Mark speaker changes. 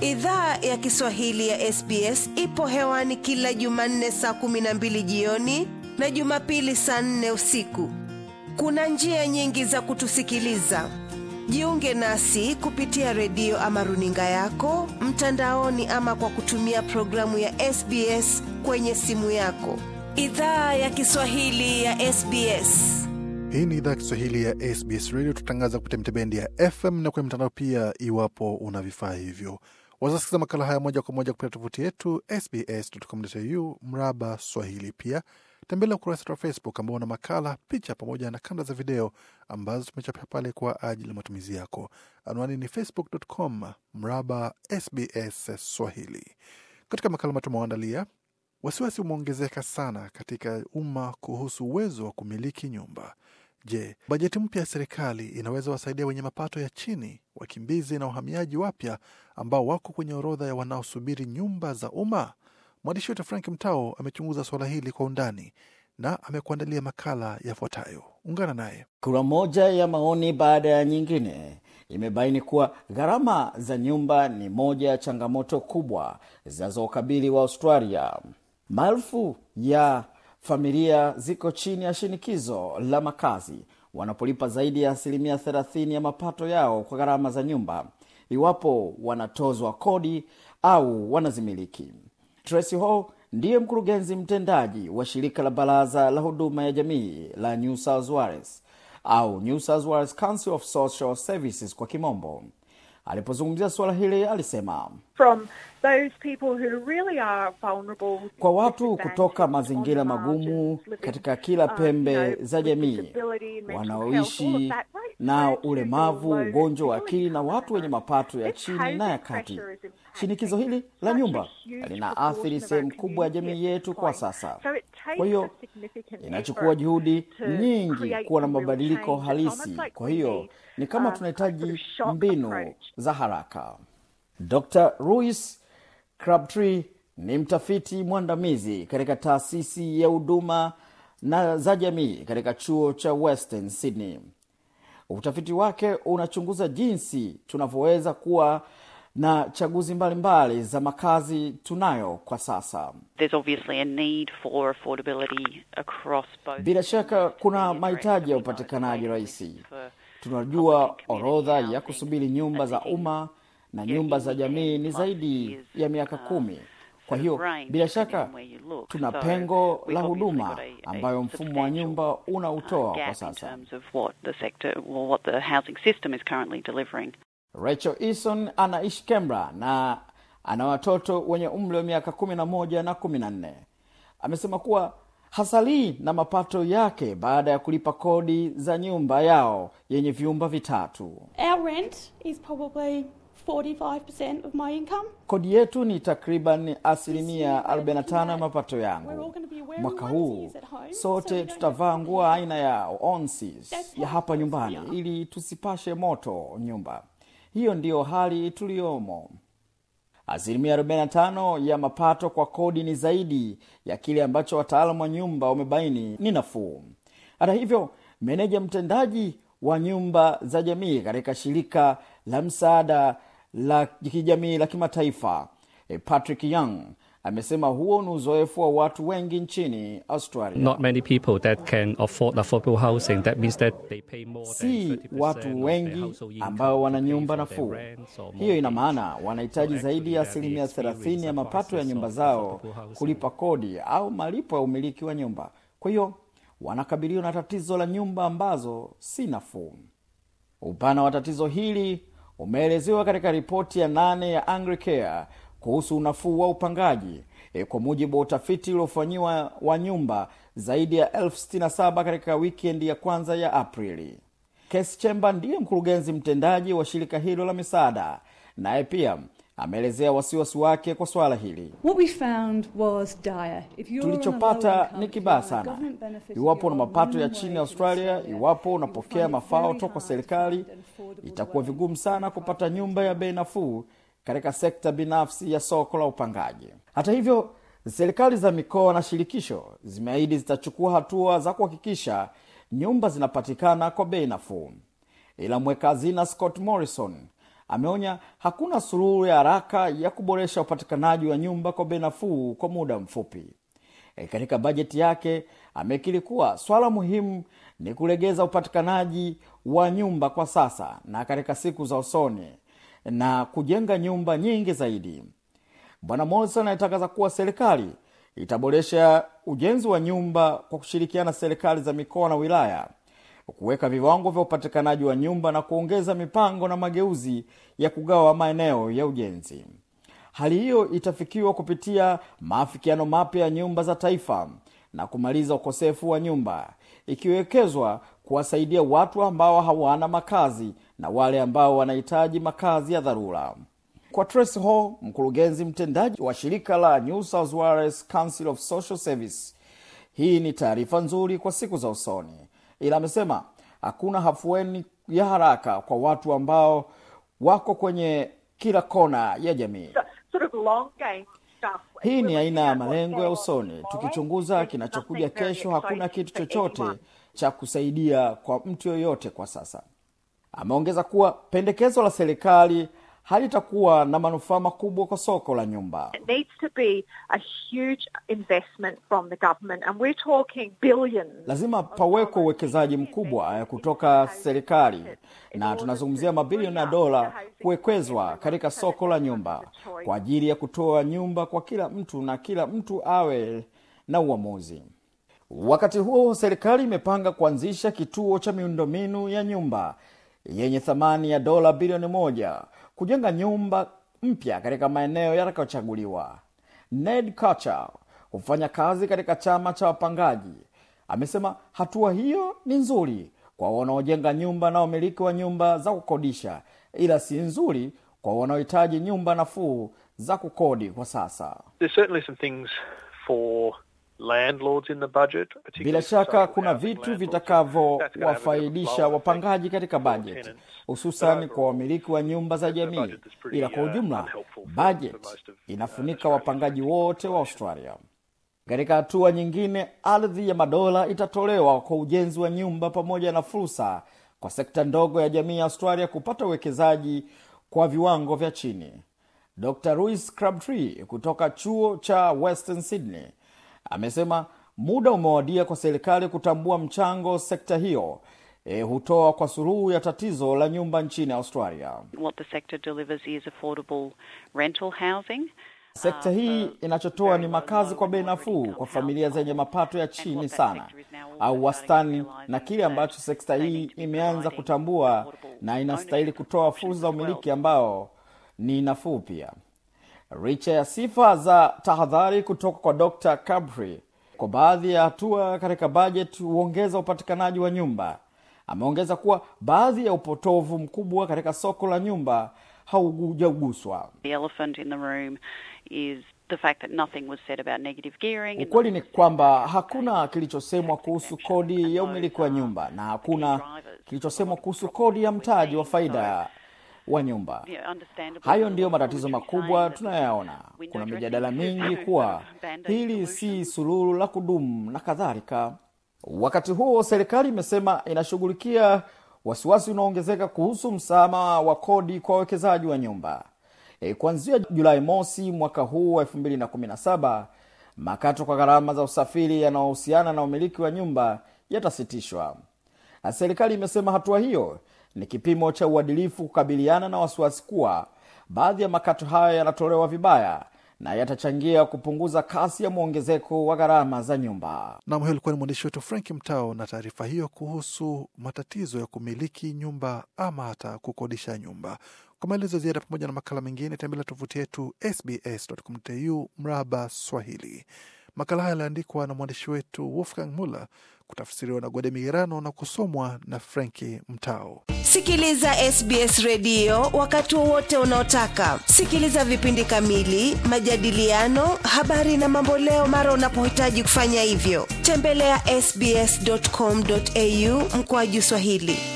Speaker 1: Idhaa ya Kiswahili ya SBS ipo hewani kila Jumanne saa kumi na mbili jioni na Jumapili saa nne usiku. Kuna njia nyingi za kutusikiliza. Jiunge nasi kupitia redio ama runinga yako mtandaoni, ama kwa kutumia programu ya SBS kwenye simu yako. Idhaa ya Kiswahili ya SBS. Hii ni idhaa ya Kiswahili ya SBS Radio. Tutangaza kupitia mitabendi ya FM na kwenye mtandao pia, iwapo una vifaa hivyo. Wazasikiza makala haya moja kwa moja kupitia tovuti yetu sbs.com.au mraba Swahili. Pia tembelea ukurasa wa Facebook ambao una makala, picha pamoja na kanda za video ambazo tumechapia pale kwa ajili ya matumizi yako. Anwani ni facebook.com mraba SBS Swahili. Katika makala ambayo tumewaandalia, wasiwasi umeongezeka sana katika umma kuhusu uwezo wa kumiliki nyumba. Je, bajeti mpya ya serikali inaweza wasaidia wenye mapato ya chini, wakimbizi na wahamiaji wapya ambao wako kwenye orodha ya wanaosubiri nyumba za umma? Mwandishi wetu Frank Mtao amechunguza suala hili kwa undani na amekuandalia makala yafuatayo. Ungana naye.
Speaker 2: Kura moja ya maoni baada ya nyingine imebaini kuwa gharama za nyumba ni moja ya changamoto kubwa zinazokabili wa Australia. Maelfu ya familia ziko chini ya shinikizo la makazi wanapolipa zaidi ya asilimia thelathini ya mapato yao kwa gharama za nyumba iwapo wanatozwa kodi au wanazimiliki tracy hall ndiye mkurugenzi mtendaji wa shirika la baraza la huduma ya jamii la new south wales au new south wales council of social services kwa kimombo Alipozungumzia suala hili alisema From those people who really are vulnerable, kwa watu kutoka mazingira magumu um, katika kila pembe za jamii wanaoishi na ulemavu, ugonjwa wa akili na watu wenye mapato ya chini na ya kati Shinikizo hili la nyumba linaathiri sehemu kubwa ya jamii yetu kwa sasa. Kwa hiyo inachukua juhudi nyingi kuwa na mabadiliko halisi. Kwa hiyo ni kama um, tunahitaji mbinu za haraka. Dr. ruis Crabtree ni mtafiti mwandamizi katika taasisi ya huduma na za jamii katika chuo cha Western Sydney. Utafiti wake unachunguza jinsi tunavyoweza kuwa na chaguzi mbalimbali mbali za makazi tunayo kwa sasa. Bila shaka kuna mahitaji ya upatikanaji rahisi. Tunajua orodha ya kusubiri nyumba za umma na nyumba za jamii ni zaidi ya miaka uh, kumi. Kwa hiyo bila shaka
Speaker 1: tuna pengo
Speaker 2: la huduma ambayo mfumo wa nyumba uh, unautoa kwa sasa. Rachel Eason anaishi Canberra na ana watoto wenye umri wa miaka kumi na moja na kumi na nne. Amesema kuwa hasalii na mapato yake baada ya kulipa kodi za nyumba yao yenye vyumba vitatu. Our rent is probably 45% of my income. Kodi yetu ni takriban asilimia 45 ya mapato yangu. Mwaka huu sote tutavaa nguo aina ya onsis ya hapa nyumbani ili tusipashe moto nyumba. Hiyo ndiyo hali tuliyomo. Asilimia 45 ya mapato kwa kodi ni zaidi ya kile ambacho wataalamu wa nyumba wamebaini ni nafuu. Hata hivyo, meneja mtendaji wa nyumba za jamii katika shirika la msaada la kijamii la kimataifa eh, Patrick Young Amesema huo ni uzoefu wa watu wengi nchini Australia.
Speaker 1: Not many people that can afford affordable housing. That means that they pay more
Speaker 2: than 30%. Si watu wengi ambao wana nyumba nafuu. Hiyo ina maana wanahitaji zaidi ya asilimia 30 ya mapato ya nyumba zao kulipa kodi au malipo ya umiliki wa nyumba. Kwa hiyo wanakabiliwa na tatizo la nyumba ambazo si nafuu. Upana wa tatizo hili umeelezewa katika ripoti ya nane ya Anglicare kuhusu unafuu wa upangaji e, kwa mujibu wa utafiti uliofanyiwa wa nyumba zaidi ya 67 katika wikendi ya kwanza ya Aprili. Kesi Chemba ndiye mkurugenzi mtendaji wa shirika hilo la misaada, naye pia ameelezea wasiwasi wake kwa swala hili.
Speaker 1: Tulichopata
Speaker 2: ni kibaya sana.
Speaker 1: Iwapo na mapato ya chini
Speaker 2: ya Australia, iwapo unapokea mafao toka serikali, itakuwa vigumu sana kupata nyumba ya bei nafuu katika sekta binafsi ya soko la upangaji. Hata hivyo, serikali za mikoa na shirikisho zimeahidi zitachukua hatua za kuhakikisha nyumba zinapatikana kwa bei nafuu, ila mweka hazina Scott Morrison ameonya hakuna suluhu ya haraka ya kuboresha upatikanaji wa nyumba kwa bei nafuu kwa muda mfupi. E, katika bajeti yake amekili kuwa swala muhimu ni kulegeza upatikanaji wa nyumba kwa sasa na katika siku za usoni na kujenga nyumba nyingi zaidi. Bwana mosa anayetangaza kuwa serikali itaboresha ujenzi wa nyumba kwa kushirikiana serikali za mikoa na wilaya, kuweka viwango vya upatikanaji wa nyumba na kuongeza mipango na mageuzi ya kugawa maeneo ya ujenzi. Hali hiyo itafikiwa kupitia maafikiano mapya ya nyumba za taifa na kumaliza ukosefu wa nyumba ikiwekezwa kuwasaidia watu ambao hawana makazi na wale ambao wanahitaji makazi ya dharura. Kwa Tracy Hall, mkurugenzi mtendaji wa shirika la New South Wales Council of Social Service, hii ni taarifa nzuri kwa siku za usoni, ila amesema hakuna hafueni ya haraka kwa watu ambao wako kwenye kila kona ya jamii. Hii ni aina ya malengo ya usoni. Tukichunguza kinachokuja kesho, hakuna kitu chochote cha kusaidia kwa mtu yoyote kwa sasa. Ameongeza kuwa pendekezo la serikali halitakuwa na manufaa makubwa kwa soko la nyumba. It needs to be a huge investment from the government and we're talking billions. Lazima pawekwe uwekezaji mkubwa eh, kutoka serikali na tunazungumzia mabilioni ya dola kuwekezwa katika soko la nyumba kwa ajili ya kutoa nyumba kwa kila mtu na kila mtu awe na uamuzi. Wakati huo serikali imepanga kuanzisha kituo cha miundombinu ya nyumba yenye thamani ya dola bilioni moja kujenga nyumba mpya katika maeneo yatakayochaguliwa. Ned Kocher hufanya kazi katika chama cha wapangaji, amesema hatua hiyo ni nzuri kwa wanaojenga nyumba na wamiliki wa nyumba za kukodisha, ila si nzuri kwa wanaohitaji nyumba nafuu za kukodi kwa sasa.
Speaker 1: some for bila shaka
Speaker 2: kuna vitu vitakavyowafaidisha wapangaji katika bajeti, hususan kwa wamiliki wa nyumba za jamii, ila kwa uh, ujumla bajeti uh, inafunika wapangaji wote wa Australia. Katika hatua nyingine, ardhi ya madola itatolewa kwa ujenzi wa nyumba pamoja na fursa kwa sekta ndogo ya jamii ya Australia kupata uwekezaji kwa viwango vya chini. Dr Louis Crabtree kutoka chuo cha Western Sydney amesema muda umewadia kwa serikali kutambua mchango sekta hiyo E, hutoa kwa suluhu ya tatizo la nyumba nchini Australia.
Speaker 1: What the sector delivers is
Speaker 2: affordable rental housing. Sekta uh, hii inachotoa ni makazi kwa bei nafuu kwa familia zenye mapato ya chini sana au wastani, na kile ambacho sekta hii imeanza kutambua na inastahili kutoa fursa za umiliki ambao ni nafuu pia licha ya sifa za tahadhari kutoka kwa Dr. Kabri kwa baadhi ya hatua katika bajeti huongeza upatikanaji wa nyumba. Ameongeza kuwa baadhi ya upotovu mkubwa katika soko la nyumba haujaguswa. Ukweli ni kwamba hakuna kilichosemwa kuhusu kodi ya umiliki wa nyumba na hakuna kilichosemwa kuhusu kodi ya mtaji wa faida wa nyumba. Hayo ndiyo matatizo makubwa tunayoyaona Kuna mijadala mingi kuwa hili si suluhu la kudumu na kadhalika. Wakati huo, serikali imesema inashughulikia wasiwasi unaoongezeka kuhusu msamaha wa kodi kwa wawekezaji wa nyumba. E, kuanzia Julai mosi mwaka huu wa elfu mbili na kumi na saba makato kwa gharama za usafiri yanayohusiana na umiliki wa nyumba yatasitishwa. Serikali imesema hatua hiyo ni kipimo cha uadilifu kukabiliana na wasiwasi kuwa baadhi ya makato hayo yanatolewa vibaya na yatachangia kupunguza kasi ya mwongezeko wa gharama za nyumba.
Speaker 1: Nam, hiyo ilikuwa ni mwandishi wetu Frank Mtao na taarifa hiyo kuhusu matatizo ya kumiliki nyumba ama hata kukodisha nyumba. Kwa maelezo ziada pamoja na makala mengine, tembelea tovuti yetu sbscu mraba Swahili. Makala haya yaliandikwa na mwandishi wetu Wolfgang Muller, kutafsiriwa na gode Migerano na kusomwa na Franki Mtao sikiliza sbs redio wakati wowote unaotaka sikiliza vipindi kamili majadiliano habari na mamboleo mara unapohitaji kufanya hivyo tembelea ya sbscomau mkoaji swahili